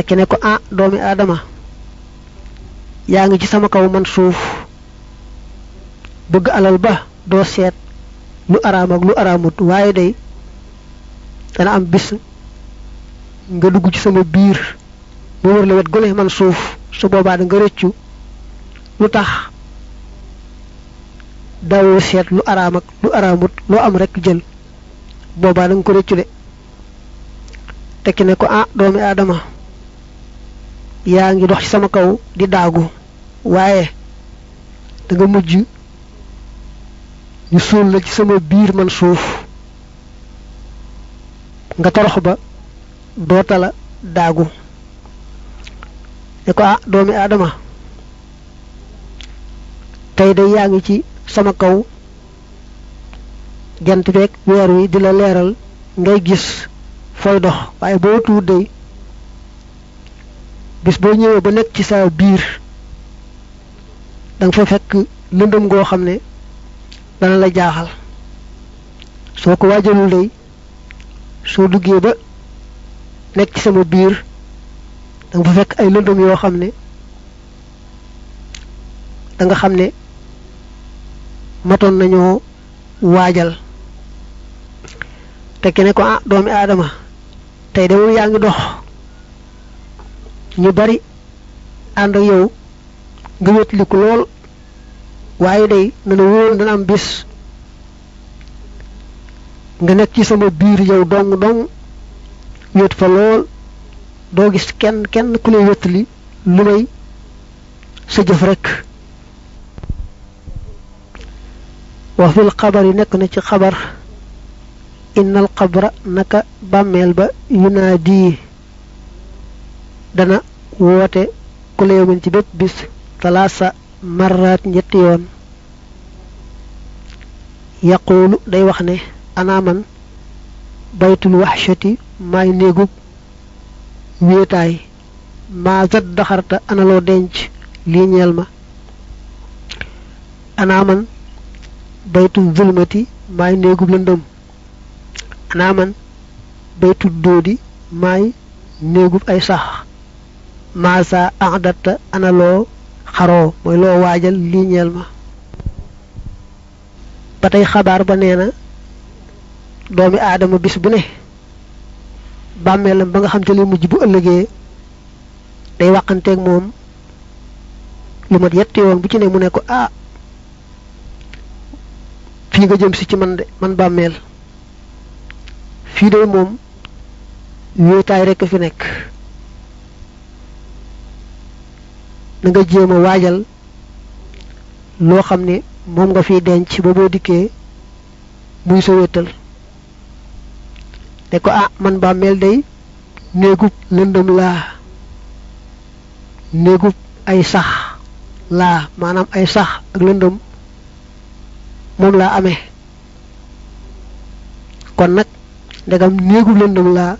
tekki ne ko ah doomi aadama yaa ngi ci sama kaw man suuf bëgg alal ba doo seet lu araamak ak lu araamut waaye day dana am bis nga dugg ci sama biir mu wër la wet gone man suuf su boobaa da rëccu lu tax daawoo seet lu araam ak lu araamut loo am rekk jël boobaa da ko rëccu de tekki ne ko ah doomi aadama yaa ngi dox ci sama kaw di daagu waaye danga nga mujj ñu suul la ci sama biir man suuf nga torox ba doota la daagu ne ko ah doomi aadama tey day yaa ngi ci sama kaw jant beeg weer wi di la leeral ngay gis fooy dox waaye boo tuut day bis boo ñëwee ba nekk ci sa biir danga nga fa fekk lëndëm goo xam ne dana la jaaxal soo ko waajalul day soo duggee ba nekk ci sama biir da nga fa fekk ay lëndëm yoo xam ne da nga xam ne matoon nañoo waajal te ke ko ah doomi aadama tey de moom yaa ngi dox ñu bari ànd ak yow nga wétliku lool waaye day dana wóor dana am bis nga nekk ci sama biir yow dong dong wét fa lool doo gis kenn kenn ku lay wétali lu may sa jëf rekk wa fil xabar yi nekk na ci xabar innal xabra naka bàmmeel ba yunaadi dana woote ku la ci bépp bis talaasa marraat ñetti yoon yaquulu day wax ne anaaman baytul waxshati maay néegub wéetaay maa zat daxarta analoo denc lii ñeel ma anaaman baytul zulmati maay néegub lëndëm anaaman baytul dóodi maay néegub ay sax maasa ahdatta ana loo xaroo mooy loo waajal lii ñeel ma ba tey xabaar ba nee na doomi aadama bis bu ne bàmmeelam ba nga xam te li mujj bu ëllëgee day waxanteeg moom lu mat yetti yoon bu ci ne mu ne ko ah, fii nga jëm si ci man man bàmmeel fii de moom wéetaay rekk fi nekk danga nga jéem waajal loo xam ne moom nga fi denc ba boo dikkee muy sa wéttal ne ko ah man ba mel day néegub lëndëm laa néegub ay sax laa maanaam ay sax ak lëndëm moom laa ame kon nag ndegam néegub lëndëm laa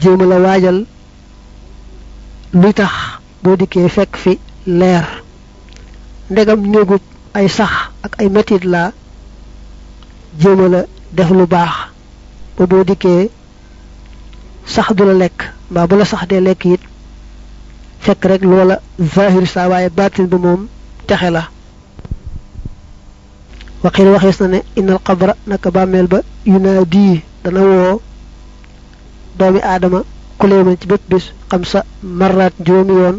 jéem la waajal luy tax boo dikkee fekk fi leer ndegam néegub ay sax ak ay metit la jéema la def lu baax ba boo dikkee sax du la lekk mbaa bu la sax dee lekk it fekk rek loola zahir saa waaye baatin ba moom texe la waxiil waxees na ne innal qabra naka bàmmeel ba yunaadi dana woo doomi aadama kulee man ci bépp bis xam sa marraat juróomi yoon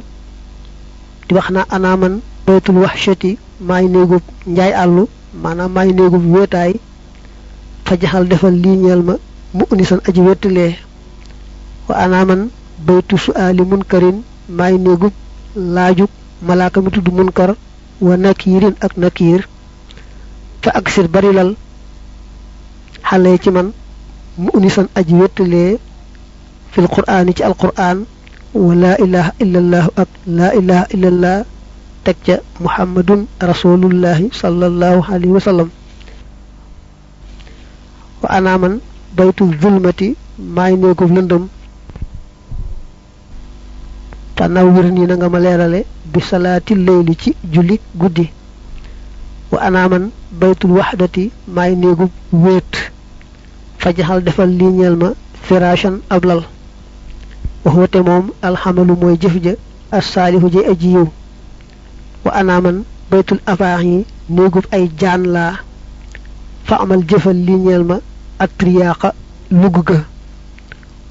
di wax naa anaaman baytul waxshati maay néegub njaay àllu maanaam maay néegub wéetaay fa jaxal defal lii ñeel ma mu unisan aji wettilee wa anaaman baytu suaali munkarin maay néegub laajub malaaka mi tudd munkar wa nakiirin ak nakiir fa aksir barilal xale ci man mu unisan aji wettilee fil qur'aani ci alqur'aan wa laa ilaha illallahu ak laa ilaha illallah teg ca muhammadun rasulullahi sallallahu alayhi wa sallam wa anaaman baytu zulmati maay néegub lëndëm tanawwir nii na nga ma leerale bi salaati leyli ci julli guddi wa anaaman baytul waxdati maay néegub wéet fajaxal defal lii ñeel ma firaashan ablal waxoo te moom alxamalu mooy jëf ja assaalihu ji aji yiw wa anaaman baytul afaax yi néegub ay jaan laa fa amal jëfal li ñeel ma atriyaaqa lugg ga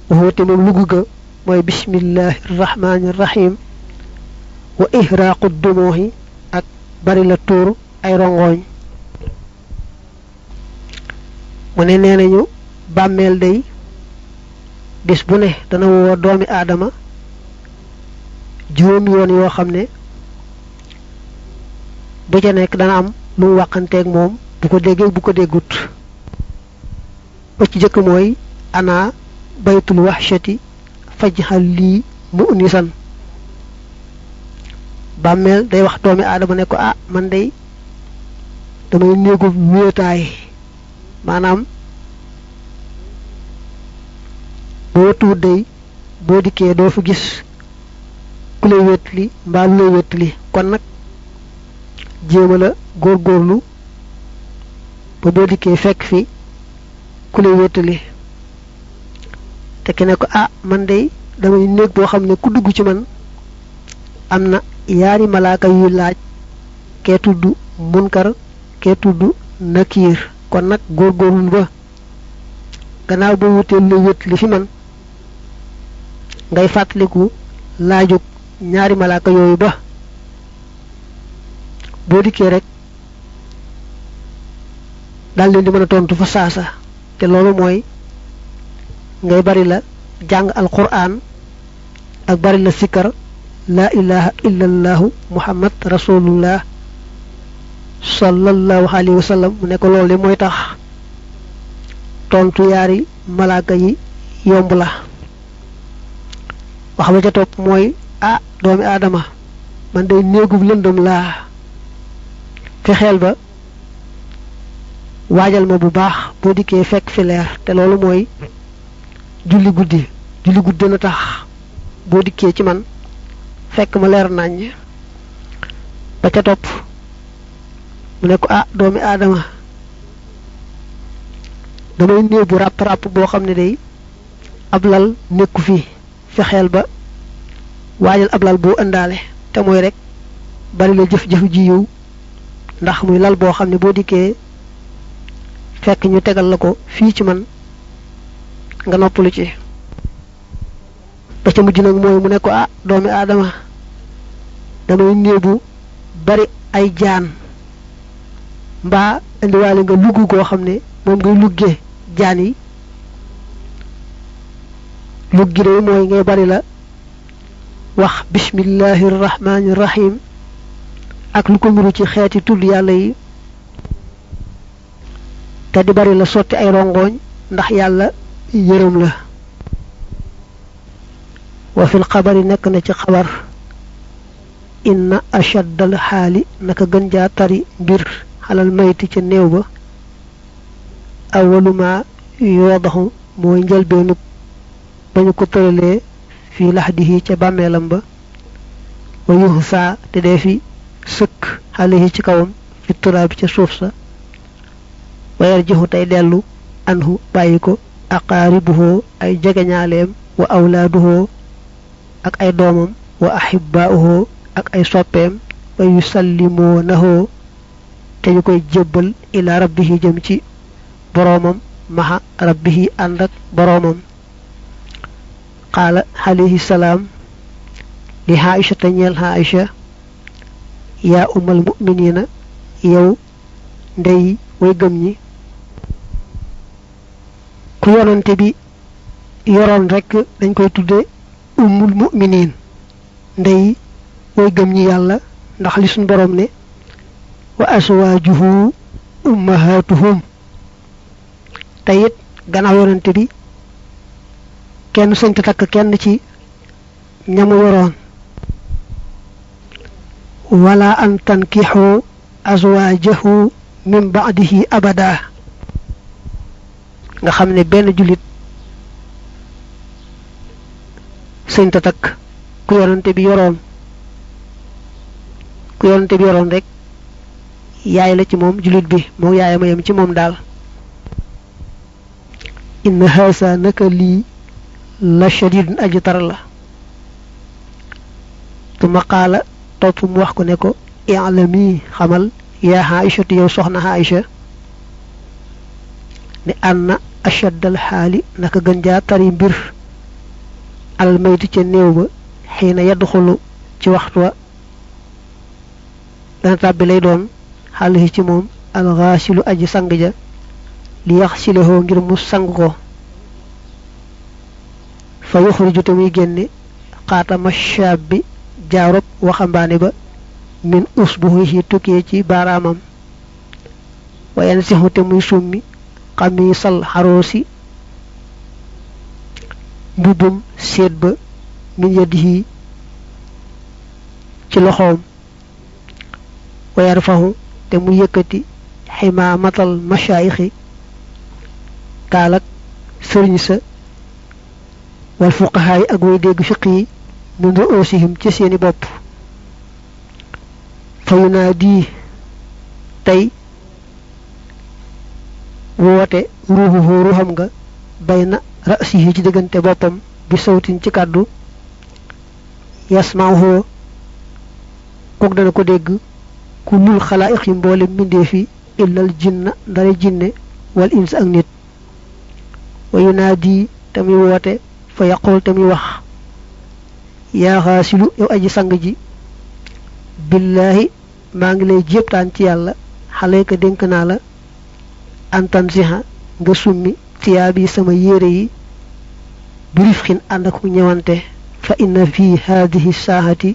waxoo te moom lugg ga mooy bismillahi wa ihraaqu dumooxi ak bari la tuur ay rongooñ mu ne nee nañu bàmmeel day bis bu ne dana woor doomi aadama juróomi yoon yoo xam ne bu ca nekk dana am lu mu wàqanteeg moom bu ko déggee bu ko déggut ba ci jëkk mooy ana baytul waxshati fajxal lii mu unisan bàmmeel day wax doomi aadama ne ko ah man day damay néegub wéetaay maanaam boo tuut day boo dikkee doo fa gis ku lay wétuli mbaa lu lay wétuli kon nag jéema la góorgóorlu ba boo dikkee fekk fi ku lay wétuli te ki ne ko ah man day damay néeg boo xam ne ku dugg ci man am na yaari malaaka yuy laaj kee tudd munkar kee tudd nakiir kon nag góorgóorlu ba gannaaw boo wutee lu lay wétuli fi man ngay fàttaliku laajug ñaari malaaka yooyu ba boo dikkee rek daal leen di mën a tontu fa saasa te loolu mooy ngay bari la jàng alquran ak bari la sikkar laa ilaha illallahu muhammad rasulullah sallallahu alayhi wa sallam mu ne ko loolu de mooy tax tontu yaari malaaka yi yomb la wax ba ca topp mooy ah doomi aadama man day néegub lëndëm laa xeel ba waajal ma bu baax boo dikkee fekk fi leer te loolu mooy julli guddi julli guddi dana tax boo dikkee ci man fekk ma leer naññ ba ca topp mu ne ko ah doomi aadama damay néeg bu ràpp ràpp boo xam ne day ab lal nekku fii fexeel ba waajal ab lal boo ëndaale te mooy rek bari la jëf-jëf ji yiw ndax muy lal boo xam ne boo dikkee fekk ñu tegal la ko fii ci man nga noppalu ci ba ca mujj nag mooy mu ne ko ah doomi aadama damay bu bari ay jaan mbaa indiwaale nga lugg goo xam ne moom ngay luggee jaan yi luggi day mooy ngay bari la wax bismillahi rahmaani ak lu ko niru ci xeeti tudd yàlla yi te di bari la sotti ay rongoñ ndax yàlla yërëm la wa fil xabari nekk na ci xabar inna ashaddal xaali naka gën jaa tari mbir xalal mayti ci néew ba awalu ma yoodaxu mooy njëlbeenub ba ñu ko tëralee fii laxdihi ca bàmmeelam ba wa yuux saa te dee fi sëkk alayhi ci kawam fi turaabi ca suuf sa wayar jixu tey dellu anhu bàyyi ko aqaaribuhoo ay jegeñaaleem wa awlaaduhoo ak ay doomam wa ahibbaauhoo ak ay soppeem wa yusallimuunahoo te ñu koy jébbal ilaa rabbihi jëm ci boroomam maha rabbihi ànd ak boroomam qaala alayhi salaam li Aïcha te ñeel Aïcha yaa umal muminina yow ndey way gëm ñi ku yonante bi yoroon rekk dañ koy tudde ummul muminin ndey way gëm ñi yàlla ndax li suñ boroom ne wa aswaajuhu ummahatuhum te it gannaaw yonante bi kenn sañta takk kenn ci ñamu waroon wala an tankixu azwaajahu min baadihi abada nga xam ne benn jullit sañta takk ku yonante bi yoroon ku yaay la ci moom jullit bi moo yaayama yam ci moom daal inna haasa naka lii la shadidun aji la tuma qaala topp mu wax ko ne ko i'lami xamal yaa xaayisatu yow soxna xaayisa ne anna ashaddal xaali naka gën jaa tari mbir almaytu ca néew ba xiina yadxulu ci waxtu wa dana tàbbi lay doon xaalis ci moom alxaasilu aji sang ja li yax silexoo ngir mu sang ko fa yuxriju te muy génne xaatama shaab bi jaarub waxambaane ba min usbuhihi tukkee ci baaraamam wayen sixu te muy summi xamisal xaroosi mbubbum séet ba min yadihi ci loxoom wayar faxu te mu yëkkati ximaamatal mashaayixi kaalak sëriñ sa wal fuqahaa yi ak way dégg fiq yi min ruusihim ci seeni bopp fa di tey woote ruuxuhu ruuxam nga bayna rasihi ci diggante boppam bi sawtin ci kàddu yasmaahu kook dana ko dégg kullul xalaa'iq yi mboole mbindeef yi illal jinna ndare jinne wal ins ak nit wa yunaadi tamit woote fa yaqul te muy wax yaa yow aji sang ji billaahi maa ngi lay jéptaan ci yàlla xaleeka dénk naa la antan siha nga summi tiyaab yi sama yére yi birifxin ànd ak ñëwante fa inna fii haadihi saahati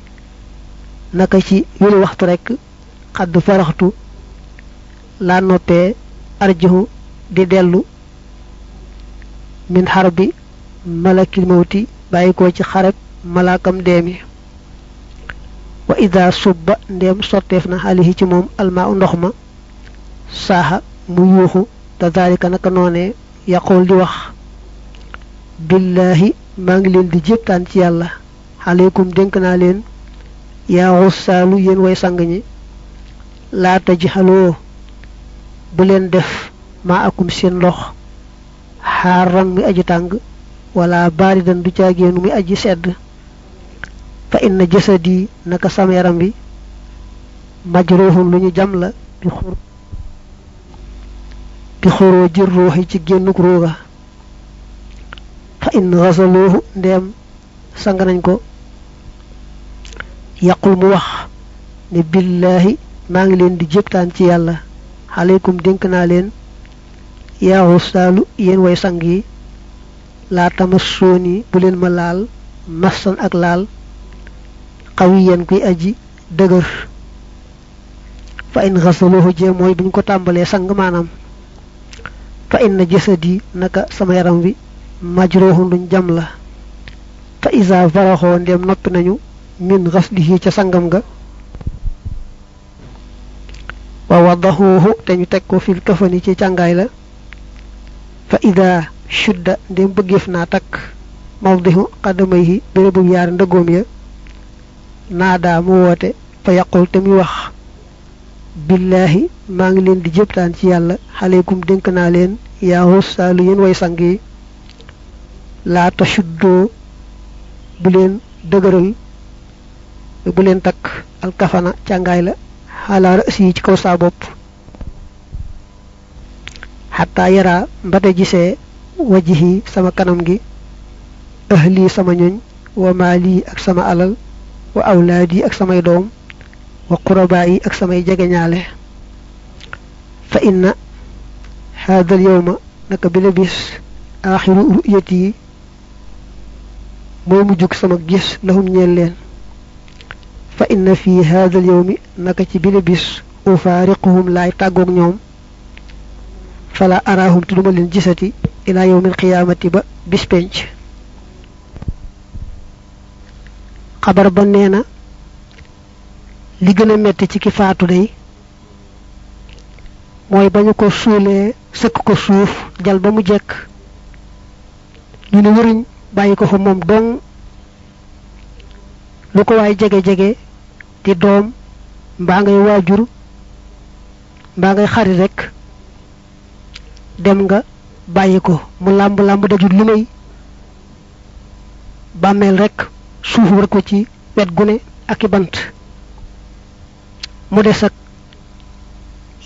naka ci wéru waxtu rekk xadd feraxtu laa noppee arjahu di dellu min bi malakil mawti bàyyi ko ci xarab malaakam deemi wa ida subba ndeem sotteef na xaalihi ci moom almaa u ndox ma saaxa mu yuuxu te daalika naka noonee yaqul di wax billaahi maa ngi leen di jéptaan ci yàlla aleykum dénk naa leen yaa xussaalu yéen way sang ñi laa tajxaloo bu leen def maa akum seen ndox xaaran mi aji tàng wala baaridan du caagéenu muy aji sedd fa inna jasadi naka sama yaram bi majruhun lu ñu jam la bi xur bi xuroo ji ci génnuk ruuga fa in xasaluuhu ndeem sang nañ ko yaqul mu wax ne billaahi maa ngi leen di jéptaan ci yàlla aleykum dénk naa leen yaa xusaalu way sang yi laa tamassooni bu leen ma laal massan ak laal xawiyan kuy aji dëgër fa in xasaluhu jee mooy buñ ko tàmbalee sang maanaam fa inna jasadi naka sama yaram wi majruhun duñ jam la fa isa faraxoo ndem noppi nañu min xaslihi ca sangam nga wa wadahuhu te ñu teg ko fil kafani ci càngaay la fa ida shudda ndem bëggeef naa takk mawdihu qadamayhi bérébub yaar ndëggoom ya naadaa woote fa yaqul te muy wax billaahi maa ngi leen di jëptaan ci yàlla xaleykum dénk naa leen yaa hussaalu yéen way sang yi laa tashuddoo bu leen dëgëral bu leen takk alkafana càngaay la xaalaa rës ci kaw saa bopp xataa yaraa mbate gisee wajhi sama kanam gi ahli sama ñoñ wa maali ak sama alal wa awlaad yi ak samay doom wa qurabaa yi ak samay jegeñaale fa inna haadal yowma naka bi la bis aaxiru ruyat yi moo mujjug sama gis lahum ñeel leen fa inna fii haadal yowmi naka ci bi la bis ufaariquhum laay tàggoog ñoom fala araahum te duma leen gisati ilaa yawmil qiyaamati ba bis penc xabar ba nee na li gën a metti ci ki faatu day mooy ba ñu ko suulee sëkk ko suuf jal ba mu jekk ñu ne wëruñ bàyyi ko fa moom dong lu ko waay jege-jege di doom mbaa ngay waajur mbaa ngay xarit rekk dem nga bàyyi ko mu làmb làmb dajul lu may bàmmeel rekk suuf war ko ci wet gune ak i bant mu des ak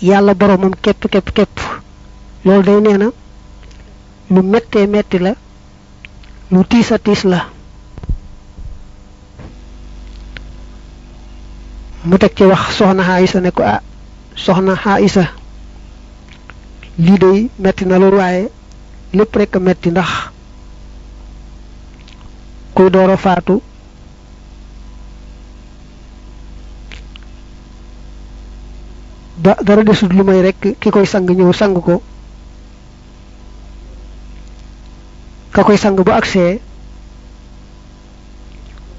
yàlla boromam képp képp képp loolu day nee na lu méttee metti la lu tiis a tiis la mu teg ci wax soxna Aïsa ne ko ah soxna Aïsa lii day metti na loolu waaye lépp rekk a metti ndax kuy door a faatu ba dara desut lu may rekk ki koy sang ñëw sang ko ka koy sang bu agsee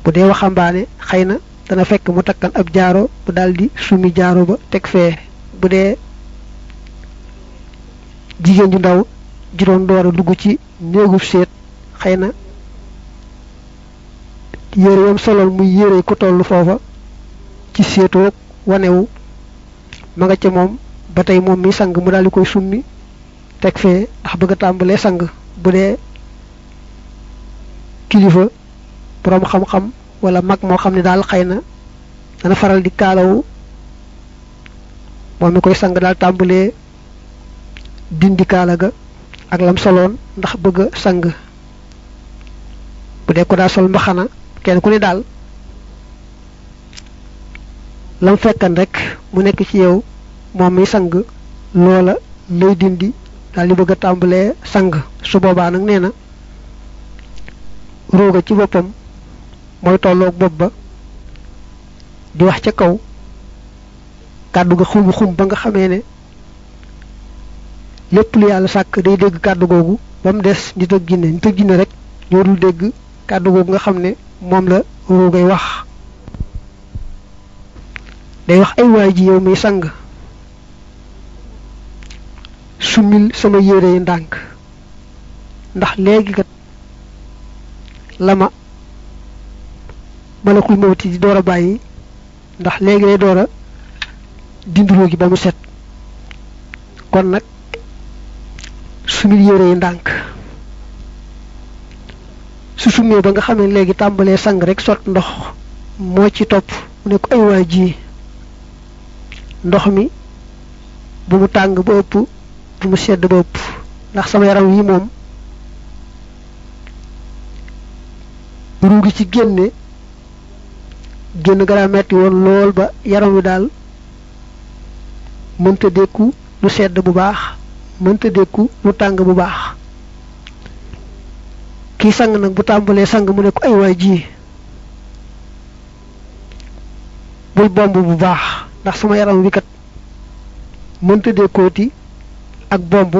bu dee waxambaane xëy na dana fekk mu takkan ab jaaro bu daldi sumi jaaro ba teg fee bu dee jigéen ju ndaw ju doon door dugg ci néegub seet xëy na yére yam solol muy yére ku toll foofa ci seetoog wanewu ma nga ca moom ba tey moom mi sang mu daal di koy summi teg fee ndax bëgg a tàmbalee sang bu dee kilifa boroom xam-xam wala mag moo xam ne daal xay na dana faral di kaalawu moom mi koy sang daal tàmbalee dindi kaala ga ak lam soloon ndax bëgg a sang bu dee ko daa sol mbaxana kenn ku ne daal lam fekkan rekk mu nekk ci yow moom mi sang loola lay dindi daal di bëgg a tàmbalee sang su boobaa nag nee na rooga ci boppam mooy tolloog bopp ba di wax ca kaw kàddu ga xumb xum ba nga xamee ne lépp lu yàlla sàkk day dégg kàddu googu ba mu des nit ak jinne nit ak jinne rek ñoo dul dégg kàddu googu nga xam ne moom la ruu ngay wax day wax ay waay ji yow muy sang summil sama yére yi ndànk ndax léegi kat la ma malakul mawti di door a bàyyi ndax léegi lay door a dindiroo gi ba mu set kon nag sumil yére yi ndànk su sumee ba nga xamee léegi tàmbalee sang rekk sot ndox moo ci topp mu ne ko ay ji ndox mi bu mu tàng ba ëpp bu mu sedd ba ëpp ndax sama yaram yi moom ruu gi ci génne génn gara metti woon lool ba yaram wi daal mënta dékku lu sedd bu baax mënta dékku mu tàng bu baax kii sang nag bu tàmbalee sang mu ne ko ay waay ji bul bomb bu baax ndax sama yaram wi kat mënta dékkooti ak bomb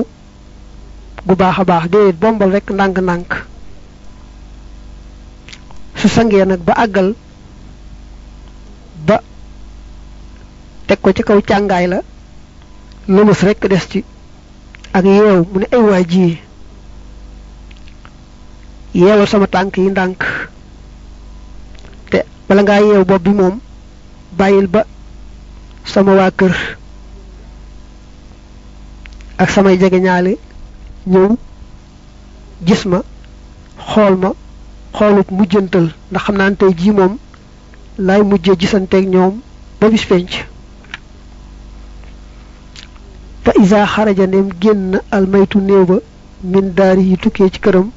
bu baax a baax déedéet bombal rekk ndànk-ndànk su sangee nag ba àggal ba teg ko ci kaw càngaay la lëmës rekk des ci ak yeew mu ne ay waa ji yeewal sama tànk yi ndànk te bala ngaa yeew bopp bi moom bàyyil ba sama waa kër ak samay jegeñaale ñëw gis ma xool ma xoolut mujjantal ndax xam naa ne tey jii moom laay mujje gisanteeg ñoom ba bis penc fa isa xaraja génn almaytu néew ba min daari yi tukkee ci këram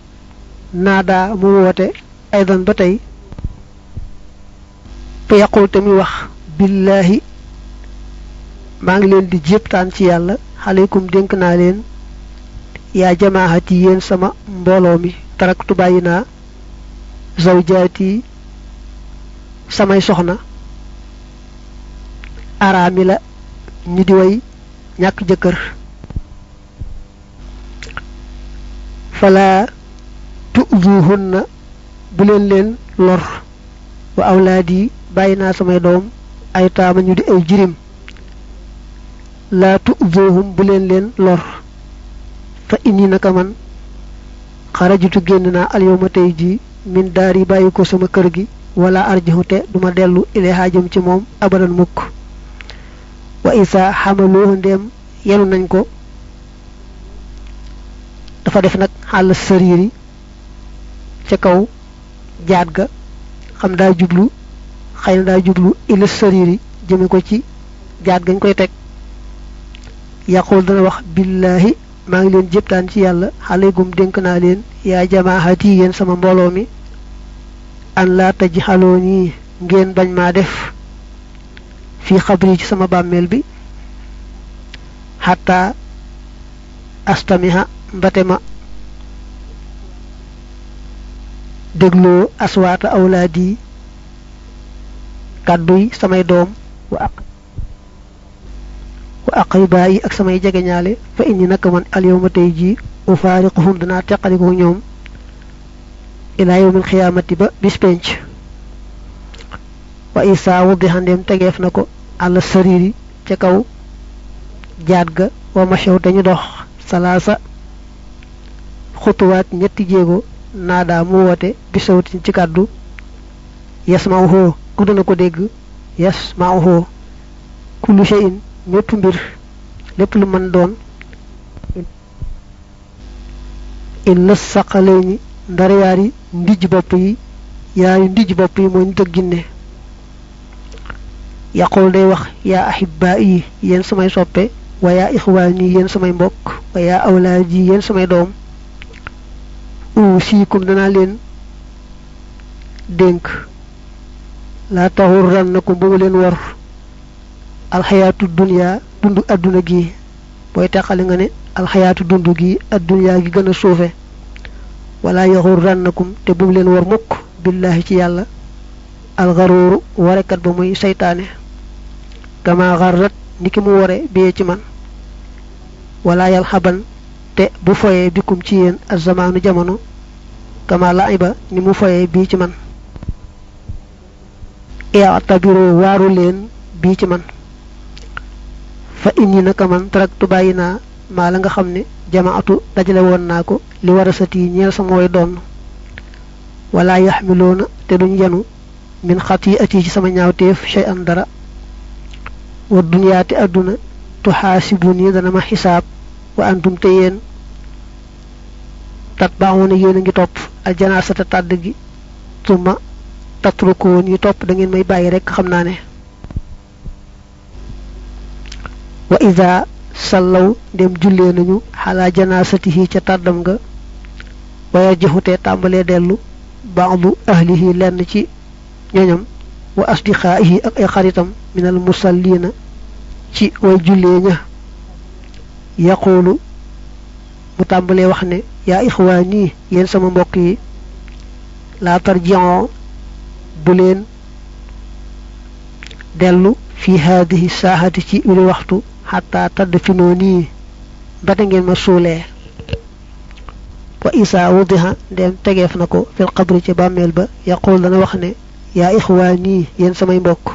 naadaa mu woote aydan ba tey fa yaqul wax billaahi maa ngi leen di jéptaan ci yàlla aleykum dénk naa leen yaa jamaahati yéen sama mbooloo mi taraktu bàyyi naa zawjaati samay soxna araami la ñu di way ñàkk jëkkër fala tu'zuhunna bu leen leen lor wa awlaadi bàyyi naa samay doom ay taama ñu di ay jirim laa tu'zuhum bu leen leen lor fa inni naka man xarajitu génn naa alyawma tey ji min yi bàyyi ko sama kër gi wala arjihu te duma dellu ilayha jëm ci moom abadan mukk wa isa xamaloo ndéem yenu nañ ko dafa def nag xàll yi ca kaw jaat ga xam daa jublu xëy na daa jublu ila sariiri jëme ko ci jaat gañ koy teg yaqul dana wax billaahi maa ngi leen jëptaan ci yàlla xaleykum dénk naa leen yaa jamaahati yéen sama mbooloo mi an laata ji xaloo nii ngeen bañ maa def fii xabri ci sama bàmmeel bi xataa astamiha mbate ma dégloo aswaata awlaadi kàdduy samay doom wa aq wa aqribaa yi ak samay jegeñaale fa indi naka man alyawma tey jii ufaariquhum danaa teqalikoo ñoom ilaa yawmil xiyaamati ba bis wa isaa wuddi xandeem tegeef na ko àll yi ca kaw jaat ga wa machaw dañu dox salaasa xutuwaat ñetti jéego naadaa mu woote bi ci kàddu yasmauhu ku dana ko dégg yasmauhu kullu shay'in ñépp mbir lépp lu mën doon in la saqalee ñi ndara yi yaari ndijj bopp yi mooy nit ak ginne yaqul day wax yaa ahibaa yi yéen samay soppe wa yaa ixwaan yi yéen samay mbokk wa yaa awlaad yi yéen samay doom uusiikum danaa leen dénk laa taxurrannakum bu mu leen war alxayaatu dunya dund adduna gi booy teqale nga ne alxayaatu dund gi addunyaa gi gën a suufe wala yaxurrannakum te bu mu leen war mukk billaahi ci yàlla alxaruuru warekat ba muy seytaane kama xarrat niki mu ware biyee ci man wala yal te bu foyee bikum ci yéen ak zamaanu jamono kama laay ba ni mu foyee bii ci man itabiru waaru leen bii ci man fa inni naka man taraktu bàyyi naa maa la nga xam ne jamaatu dajale woon naa ko li warasat yi ñeel sama way doon wala yaxmiloona te duñ yanu min xati'ati ci sama ñaawteef shay'an dara wa duniyaati àdduna tuxaasibu nii dana ma xisaab wa antum te yéen tat baaxoon yéen a ngi topp aljanaasata tàdd gi tuma tatrukoon yi topp dangeen ngeen may bàyyi rekk xam naa ne wa ida sallaw dem jullee nañu xalaa janaasatihi ca tàddam nga waya jëxutee tàmbalee dellu ba'du ahlihi lenn ci ñoñam wa asdiqaa'ihi ak ay xaritam minal musalliina ci way jullee ña yaquulu mu tàmbalee wax ne yaa ixwaan yi yéen sama mbokk yi laa tarjion bu leen dellu fii haadihi saahati ci uli waxtu xataa tadd finoo nii mbata ngeen ma suulee wa isaa wudiha ndem tegeef na ko fil qabri ci bàmmeel ba yaquul dana wax ne yaa ixwaan yi yéen samay mbokk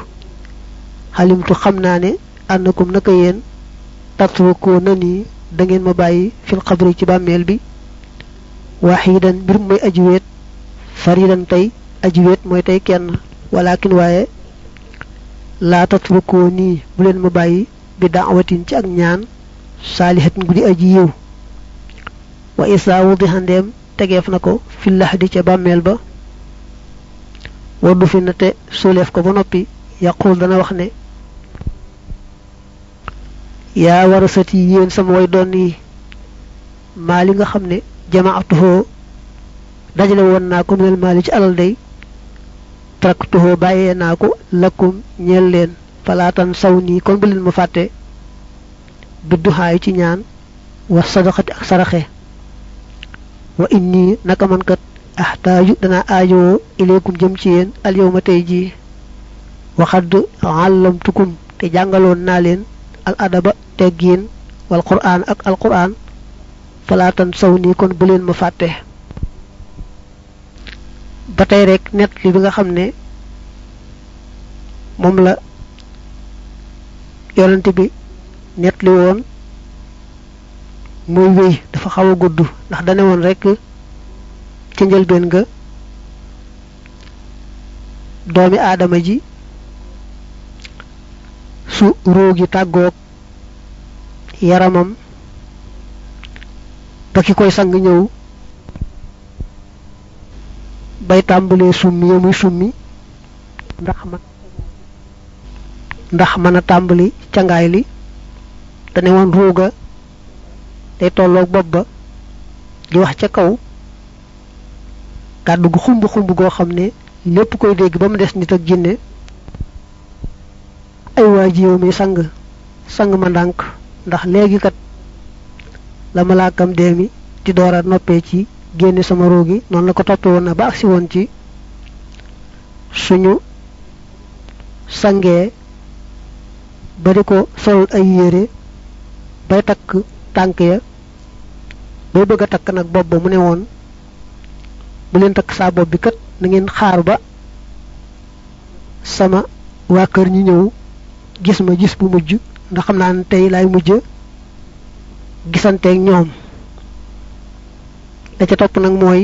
xalimtu xam naa ne ànnakum naka yéen tatruku na nii da ma bàyyi fil xabri ci bàmmeel bi waxidan mbir mooy aji wéet faridan tey aji mooy tey kenn walakin waaye laa tatrukoo nii bu leen ma bàyyi bi daawatin ci ak ñaan saalihatin guddi aji yiw wa isaa wudixandeem tegeef na ko fi laxdi ca bàmmeel ba waddu fi na te suuleef ko ba noppi yaqul dana wax ne yaa warasati yéen sama way doon yi maa nga xam ne jamaatuhoo dajale woon naa ko minal maali ci alal day traktuhoo bàyyee naa ko lakkum ñeel leen falaatan saw nii kon bu leen ma fàtte bidduxaayu ci ñaan wa sadaqati ak saraxe wa inni naka man ahtaaju danaa aajowoo ileekum jëm ci yéen al yow ma tey jii waxadd àllamtukum te jàngaloon naa leen al adaba teggiin wal quraan ak al quraan falaatan saw nii kon bu ma fàtte ba tey rekk nett bi nga xam ne moom la yonent bi nett li woon muy wéy dafa xaw gudd ndax dane woon rek ci njëlbeen nga doomi aadama ji su ruu gi tàggoog yaramam ba ki koy sang ñëw bay tàmbalee summi ya muy summi ndax man ndax mën a tàmbali cangaay li te ne woon ruuga day tolloog bopp ba di wax ca kaw kàddu gu xumb xumb goo xam ne lépp koy dégg ba mu des nit ak jinne ay waa ji muy sang sang ma ndànk ndax léegi kat la malaakam dee mi di door a noppee ci génne sama ruu gi noonu la ko toppee woon na ba agsi woon ci suñu sangee bari ko solol ay yére bay takk tànk ya bay bëgg a takk nag bopp ba mu ne woon bu leen takk saa bopp bi kat na ngeen xaar ba sama waa kër ñi ñëw gis ma gis bu mujj ndax xam naa ne tey laay mujj gisanteeg ñoom da ca topp nag mooy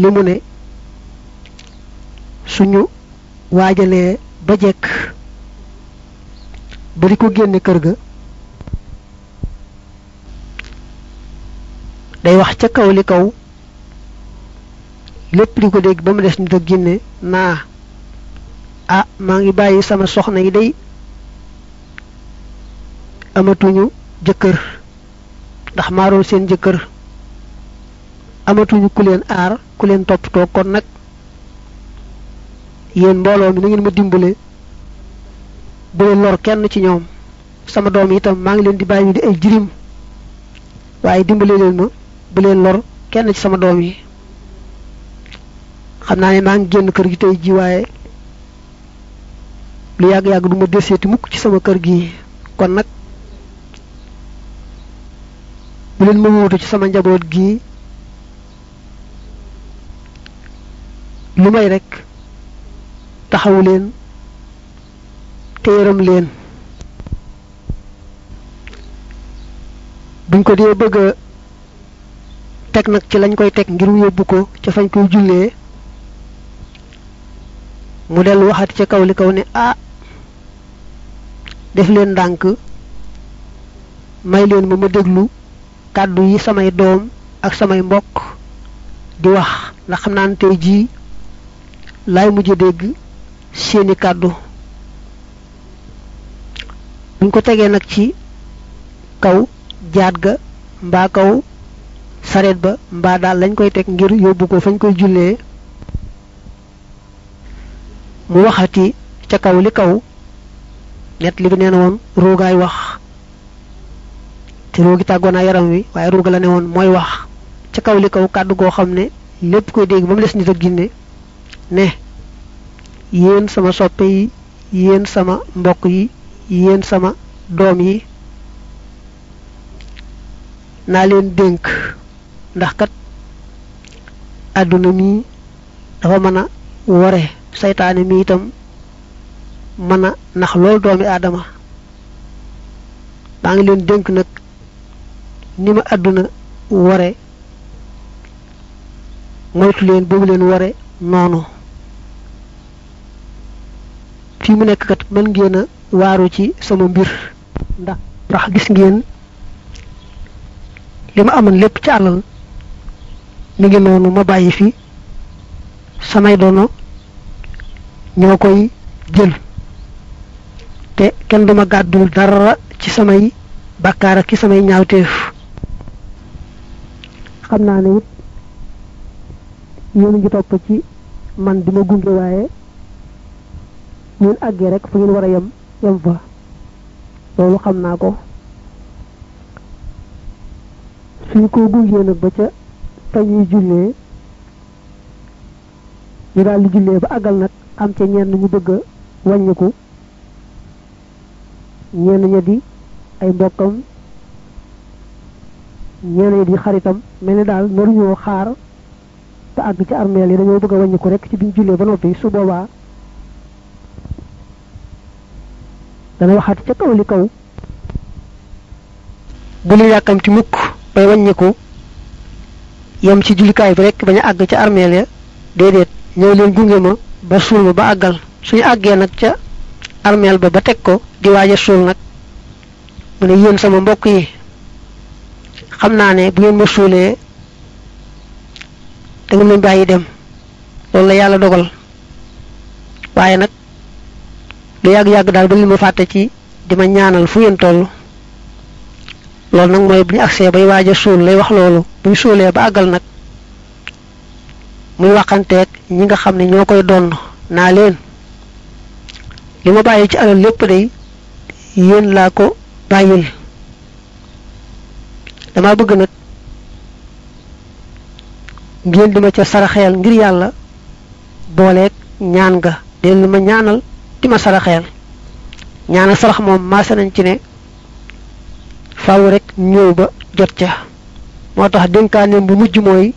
li mu ne suñu waajalee ba jekk ba di ko génne kër ga day wax ca kaw li kaw lépp li ko dégg ba mu des ñu da génne naa ah maa ngi bàyyi sama soxna yi day amatuñu jëkkër ndax maaroon seen jëkkër amatuñu ku leen aar ku leen toppatoo kon nag yéen mbooloo mi na ngeen ma dimbale bu leen lor kenn ci ñoom sama doom itam maa ngi leen di bàyyi di ay jirim waaye dimbale leen ma bu leen lor kenn ci sama doom yi xam naa ne maa ngi génn kër gi tey ji waaye lu yàgg-yàgg du ma deseeti mukk ci sama kër gi kon nag bu leen ma wuutu ci sama njaboot gi lu may rekk taxawu leen te yërëm leen buñ ko dee bëgg a teg nag ci lañ koy teg ngir mu yóbbu ko ca fañ koy jullee mu dellu waxati ca kaw li kaw ne ah def leen ndànk may leen ma ma déglu kàddu yi samay doom ak samay mbokk di wax ndax xam naa ne tey jii laay mujj dégg seeni kàddu buñ ko tegee nag ci kaw jaat ga mbaa kaw sareet ba mbaa daal lañ koy teg ngir yóbbu ko fañ koy jullee mu waxati ca kaw li kaw net li bi woon roogaay wax te roogi tàggoo naa yaram wi waaye rooga la ne woon mooy wax ca kaw li kaw kàddu goo xam ne lépp koy dégg ba mu des nit ak ginne ne yéen sama soppe yi yéen sama mbokk yi yéen sama doom yi naa leen dénk ndax kat àdduna mi dafa mën a ware seytaane mi itam mën a ndax lool doomi aadama maa ngi leen dénk nag ni ma àdduna ware moytu leen boobu leen ware noonu fii mu nekk kat mën ngeen waaru ci sama mbir ndax ndax gis ngeen li ma amoon lépp ci alal mi ngi noonu ma bàyyi fi samay doono ñoo koy jël te kenn duma gàddul dara ci samay bàkkaar ak ci samay ñaawteef xam naa ne it yéen a ngi topp ci man di ma gunge waaye ñun àggee rek fu ngeen war a yem yem fa loolu xam naa ko suñ ko gungee nag ba ca fañuy jullee ñu daal di jullee ba àggal nag am ca ñenn ñu bëgg a wàññiku ñenn ay mbokkam ñeneen di xaritam mel ni daal naruñoo xaar te àgg ci armeel yi dañoo bëgg a wàññiku rek ci biñ jullee ba noppi su boobaa dana waxaat ca kaw li kaw bu ñu yàkkamti mukk bay wàññiku yam ci jullikaay bi rekk bañ àgg ca armeel ya déedéet ñëw leen gunge ma ba suul ma ba àggal suñu àggee nag ca armeel ba ba teg ko di waaj a suul nag mu ne yéen sama mbokk yi xam naa ne bu ngeen ma suulee da ngeen ma bàyyi dem loolu la yàlla dogal waaye nag lu yàgg-yàgg daal ba li ma fàtte ci di ma ñaanal fu ngeen toll loolu nag mooy bu ñu agsee bay waaj a suul lay wax loolu buñ suulee ba àggal nag muy waxanteeg ñi nga xam ne ñoo koy donn naa leen li ma bàyyi ci alal lépp day yéen laa ko bàyyil dama bëgg nag ngeen di ma ca saraxeel ngir yàlla booleeg ñaan ga dellu ma ñaanal di ma saraxeel ñaanal sarax moom maase nañ ci ne faaw rekk ñëw ba jot ca moo tax dénkaaneem bu mujj mooy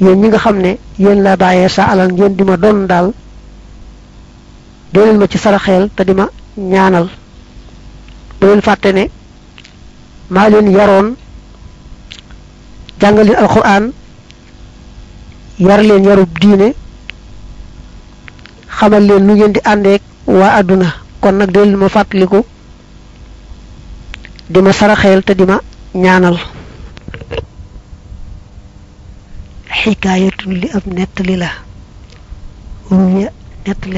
yéen ñi nga xam ne yéen la bàyyee sa alal ngeen di ma doon daal doo ma ci saraxeel te di ma ñaanal bu leen fàtte ne maa leen yaroon jàngal leen alquran yar leen yarub diine xamal leen nu ngeen di àndeek waa àdduna kon nag dee leen ma fàttaliku di ma saraxeel te di ma ñaanal xikaayatun li ab nettali la ruya nettali